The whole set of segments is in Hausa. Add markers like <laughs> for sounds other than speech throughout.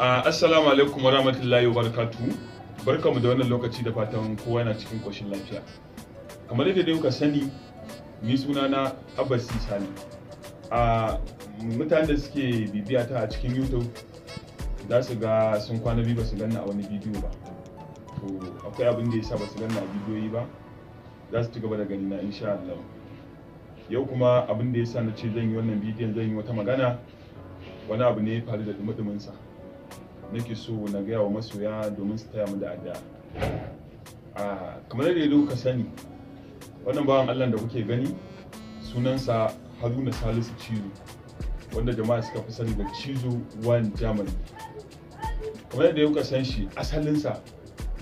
Uh, assalamu alaikum warahmatullahi wabarakatuh barkamu da wannan lokaci da fatan kowa yana cikin koshin lafiya kamar yadda dai kuka sani ni suna na abbas sani a mutanen da suke bibiya ta a cikin youtube za su ga sun kwana biyu ba su ganna a wani bidiyo ba to akwai abin da yasa ba su ganna a bidiyoyi ba za su ci gaba da gani na insha Allah yau kuma abin da yasa na ce zan yi wannan bidiyon zan yi wata magana wani abu ne ya faru da dumudumin sa nake so na gaya wa masoya domin su taya mu da addu'a a kamar da yadda ka sani wannan bawan allah da kuke gani sunansa haruna salisu cizo wanda jama'a suka fi sani da cizo one germany kamar da yau san shi asalinsa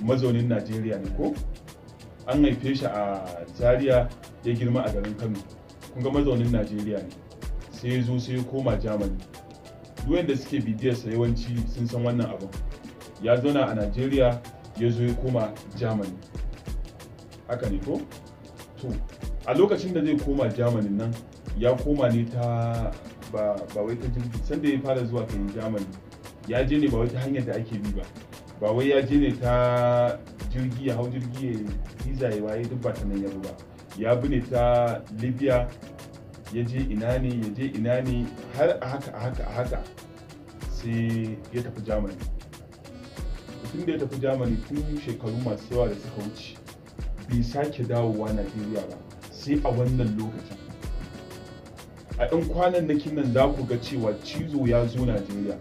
mazaunin najeriya ne ko an haife shi a zaria ya girma a garin kano kun ga mazaunin najeriya ne sai ya zo sai ya koma germany wanda suke bidiyarsa yawanci sun san wannan abin ya zauna a najeriya ya zo ya koma germany haka ne ko to a lokacin da zai koma germany nan ya koma ne ta ba, ba wai ta jirgin? sanda ya fara zuwa kan germany ya je ne ba wata hanyar da ake bi ba ba wai ya je ne ta jirgi ya hau jirgi ya yi ya waye duk ta nan ya ba ya bi ne ta libya ya je ina ne ya je ina ne har a haka a haka a haka sai ya tafi germany tun da ya tafi germany tun shekaru masu yawa da suka wuce bai sake dawowa najeriya ba sai a wannan lokacin a ɗan kwanan nakin nan za ku ga cewa cizo ya zo najeriya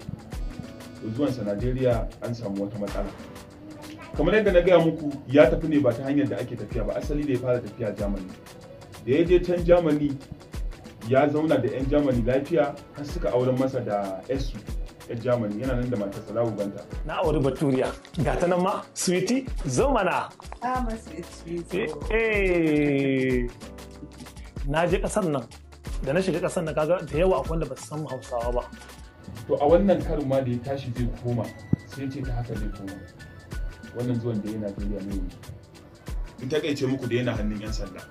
zuwansa najeriya an samu wata matsala kamar yadda na gaya muku ya tafi ne ba ta hanyar da ake tafiya ba asali da ya fara tafiya germany da ya je can germany ya zauna da 'yan germany lafiya har suka auren masa da esu yan germany yana nan da matar salawu ganta na auri baturiya ga ta nan ma sweetie zo mana ah, eh, eh. na je kasar nan da na shiga kasar nan kaga da yawa akwai kwanda ba su san hausawa ba to a wannan karin ma da ya tashi zai koma sai ce ta haka zai koma wannan zuwan da yana nigeria ne kai ce muku da yana hannun yan sanda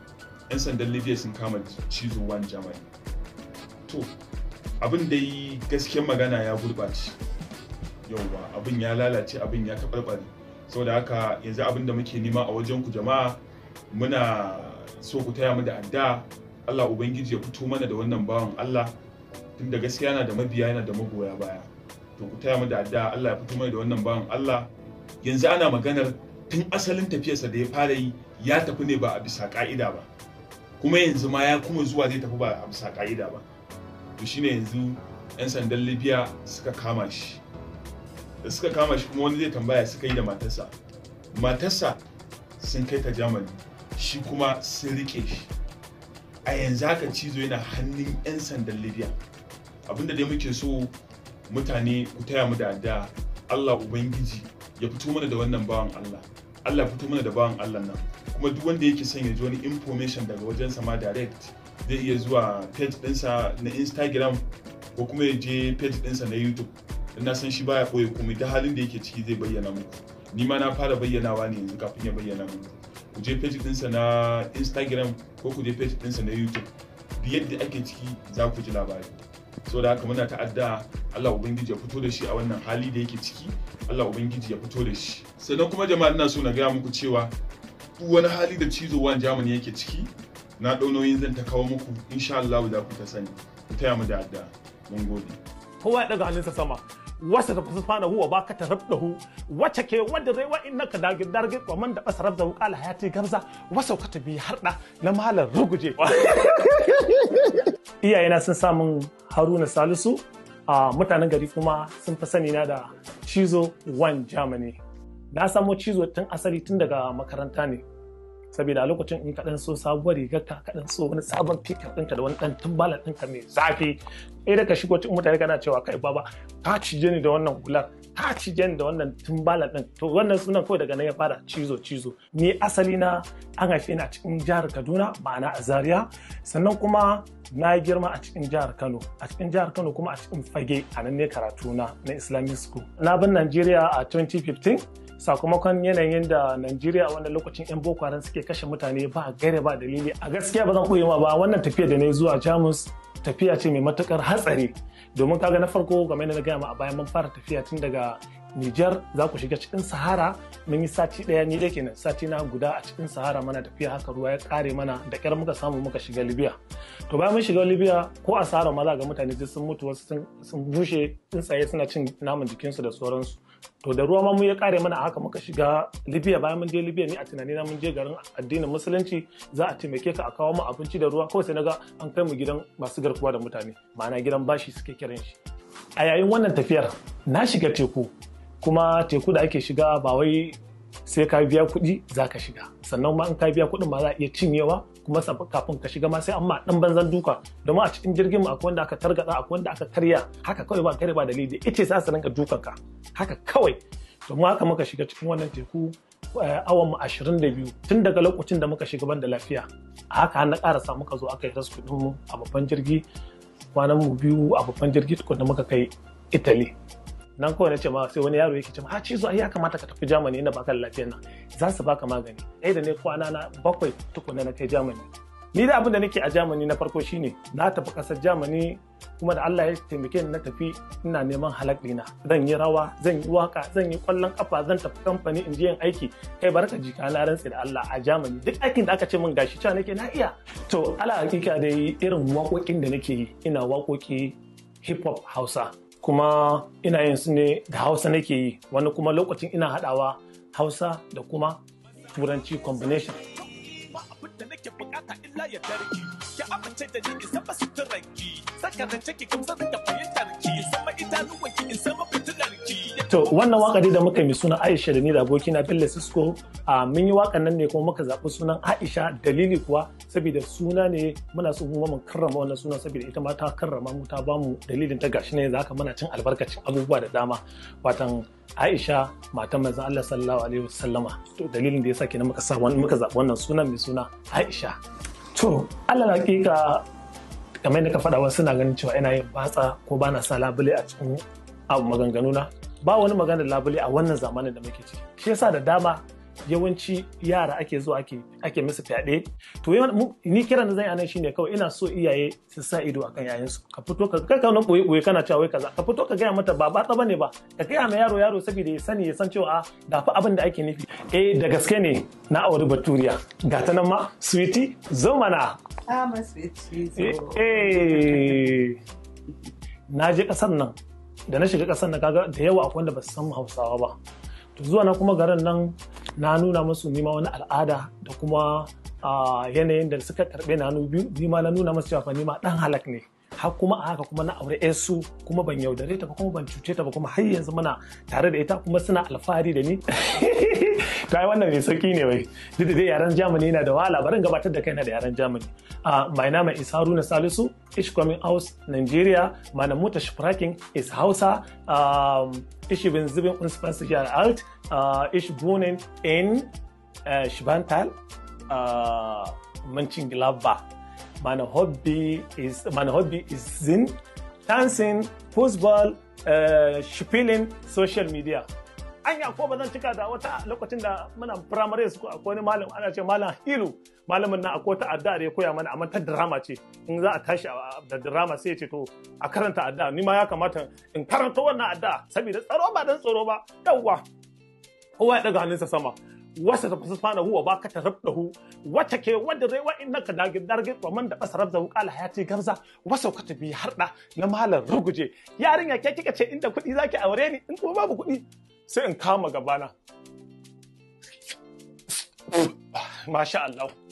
'yan sandan libya sun kama wan jamani to abin da yi gasken magana ya gurɓace yauwa abin ya lalace abin ya taɓarɓare saboda haka yanzu abin da muke nema a wajen ku jama'a muna so ku taya mu da adda allah ubangiji ya fito mana da wannan bawan allah tunda gaskiya yana da mabiya yana da magoya baya to ku taya mu da adda allah ya fito mana da wannan bawan allah yanzu ana maganar tun asalin tafiyarsa da ya fara yi ya tafi ne ba a bisa ka'ida ba kuma yanzu ma ya kuma zuwa zai tafi ba a bisa ka'ida ba to shine yanzu 'yan sandan libya suka kama shi da suka kama shi kuma wani zai tambaya suka yi da matarsa matarsa sun kai ta germany shi kuma sun rike shi a yanzu haka cizo yana hannun 'yan sandan libya abinda dai muke so mutane ku taya mu da da allah ubangiji ya fito mana da wannan bawan allah Allah fito mana da bawan Allah nan kuma duk wanda yake son ya ji wani information daga wajen sama direct zai iya zuwa page ɗinsa na Instagram ko kuma ya je page ɗinsa na YouTube na san shi baya koyi komai da halin da yake ciki zai bayyana mu ni ma na fara bayyanawa ne yanzu kafin ya bayyana muku ku je page ɗinsa na Instagram ko ku je page ɗinsa na YouTube duk yadda ake ciki za ku ji labari so da haka muna ta'adda Allah ubangiji ya fito da shi a wannan hali da yake ciki Allah ubangiji ya fito da shi sannan kuma jama'a ina so na gaya muku cewa duk wani hali da cizo cizowan jamani yake ciki na ɗaunoyin zan ta kawo muku insha Allah da ku ta sani ku taya mu da adda mun gode kowa ya daga hannunsa sama wasa da kusa fana huwa ba ka hu wacce ke wanda zai wa innaka dagir dargir wa man da basarab da qala hayati gamza wasa ka tabi harda na malar ruguje <laughs> iyayena sun samun haruna salisu a mutanen gari kuma sun fi sani na da cizo one germany na samo cizo tun asali tun daga makaranta ne saboda a lokacin in kaɗan so sabuwar rigar ka kaɗan so wani sabon fikir ɗinka da wani ɗan tumbalar ɗinka mai zafi ɗaya da ka shigo cikin mutane kana cewa kai baba ka cije ni da wannan hular hacigen da wannan timbalan din to wannan sunan kawai daga nan ya fara cizo cizo ni asali na an haife ni a cikin jihar kaduna ma'ana a zaria sannan kuma na girma a cikin jihar kano a cikin jihar kano kuma a cikin fage a nan ne karatu na na islamic school na bin najeriya a 2015 sakamakon yanayin da Najeriya a wannan lokacin 'yan Boko Haram suke kashe mutane ba gare ba dalili a gaskiya ba zan koyi ma ba wannan tafiya da na zuwa Jamus tafiya ce mai matukar hatsari domin kaga na farko game da na gaya ma a bayan mun fara tafiya tun daga Nijar za ku shiga cikin Sahara mun yi sati daya ni da kenan sati na guda a cikin Sahara mana tafiya haka ruwa ya kare mana da ƙyar muka samu muka shiga Libya. To bayan mun shiga Libya ko a Sahara ma za ga mutane duk sun mutu wasu sun bushe tsaye suna cin naman jikinsu da sauransu. to da ruwa ma mun ya kare mana a haka muka shiga libya bayan mun je libya ni a tunani na mun je garin addinin musulunci za a taimake ka a kawo mu abinci da ruwa kawai sai ga an kai mu gidan masu garkuwa da mutane ma'ana gidan bashi suke kiran shi a yayin wannan tafiyar na shiga teku kuma teku da ake shiga ba wai sai ka biya kuɗi za ka shiga sannan ma in ka biya kuɗin ma za a iya cinyewa kuma kafin ka shiga ma sai amma ɗan banzan duka domin a cikin jirgin mu akwai wanda aka targaɗa akwai wanda aka karya haka kawai ba kare ba dalili ice sa su rinka dukan ka haka kawai domin haka muka shiga cikin wannan teku eh, awan mu 22 tun daga lokacin da muka shiga banda lafiya a haka na karasa muka zo aka yi rasku kuɗin mu a babban jirgi kwanan mu biyu a babban jirgi tukun da muka kai Italy nan kawai na ce ma sai wani yaro yake ce ma ha cizo ai ya kamata ka tafi Germany ina baka lafiyar nan za su baka magani ai da ne kwana na bakwai tukuna na kai Germany ni da abin da nake a Germany na farko shine na tafi kasar Germany kuma da Allah ya taimake ni na tafi ina neman halak dina zan yi rawa zan yi waka zan yi kwallon kafa zan tafi kamfani in je yin aiki kai barka jika na rantsi da Allah a Germany duk aikin da aka ce min gashi cewa nake na iya to ala hakika dai irin waƙoƙin da nake yi ina waƙoƙi hip hop Hausa kuma ina yin su ne da hausa nake yi wani kuma lokacin ina haɗawa hausa da kuma turanci combination ya amince da ni isa ba suturanki sakanin ciki gamsar da fahimtar ki To wannan waka da muka yi suna Aisha da ni da abokina Bello Sisko mun yi wakan nan ne kuma muka zaɓi sunan Aisha dalili kuwa saboda suna ne muna so kuma mun karrama wannan sunan saboda ita ma ta karrama mu ta bamu dalilin ta gashi ne yanzu haka muna cin albarkacin abubuwa da dama watan Aisha matan manzon Allah sallallahu alaihi wasallama to dalilin da yasa kenan muka sa muka zaɓi wannan sunan mai suna Aisha. To Allah hakika kamar da ka faɗa wasu suna ganin cewa ina yin batsa ko bana sa labule a cikin a maganganu na ba wani maganar labule a wannan zamanin da muke ciki shi yasa da dama yawanci yara ake zuwa ake ake musu fyaɗe to ni kiran da zan anan shine kawai ina so iyaye su sa ido akan su ka fito ka kai kana boye boye kana cewa wai kaza ka fito ka gaya mata ba ba tsaba ne ba ka gaya ma yaro yaro saboda ya sani ya san cewa da ah, fa abin da ake nufi eh da gaske ne na auri baturiya ga ta nan ma sweetie zo mana ah, eh, eh na je kasar nan da na shiga kasar na kaga da yawa akwai wanda ba su san hausawa ba to zuwa na kuma garin nan na nuna musu nima wani al'ada da kuma ah, yanayin da suka karbe na nuna musu cewa nima dan halak ne har kuma a haka kuma na aure ɗaya su kuma ban yaudare ta ba kuma ban cuce ta ba kuma har yanzu muna tare da ita kuma suna alfahari da ni <laughs> Ta yi wannan mai sauki ne wai duk da dai yaren Jamani yana da wahala barin gabatar da kaina da yaren Jamani. Mai ah, my name is Haruna Salisu ish coming house Nigeria mana mota Shifrakin is Hausa um, ish bin zubin unspansu jihar Alt uh, ah, ish born in uh, eh, Shibantal uh, ah, Manchingilaba Mein Hobby ist, mein Hobby ist Sinn, Tanzen, Fußball, äh, eh, Spielen, Social Media. Anya ko ba zan cika da wata lokacin da muna primary school akwai wani malam ana ce malam Hilu malamin na akwai ta adda da ya koya mana amma ta drama ce in za a tashi da drama sai ya ce to a karanta adda ni ma ya kamata in karanta wannan adda saboda tsaro ba dan tsaro ba yawwa kowa ya daga hannunsa sama wasa da kusa fana huwa baka ta rabda hu wata ke wadda rewa da dagin dargin tsoman da basa rabda hu kala hayati gamza wasa ka tafi harda na malar ruguje yarinya ke kika ce inda kuɗi zaki aure ni in kuma babu kuɗi sai in kama gabana masha Allah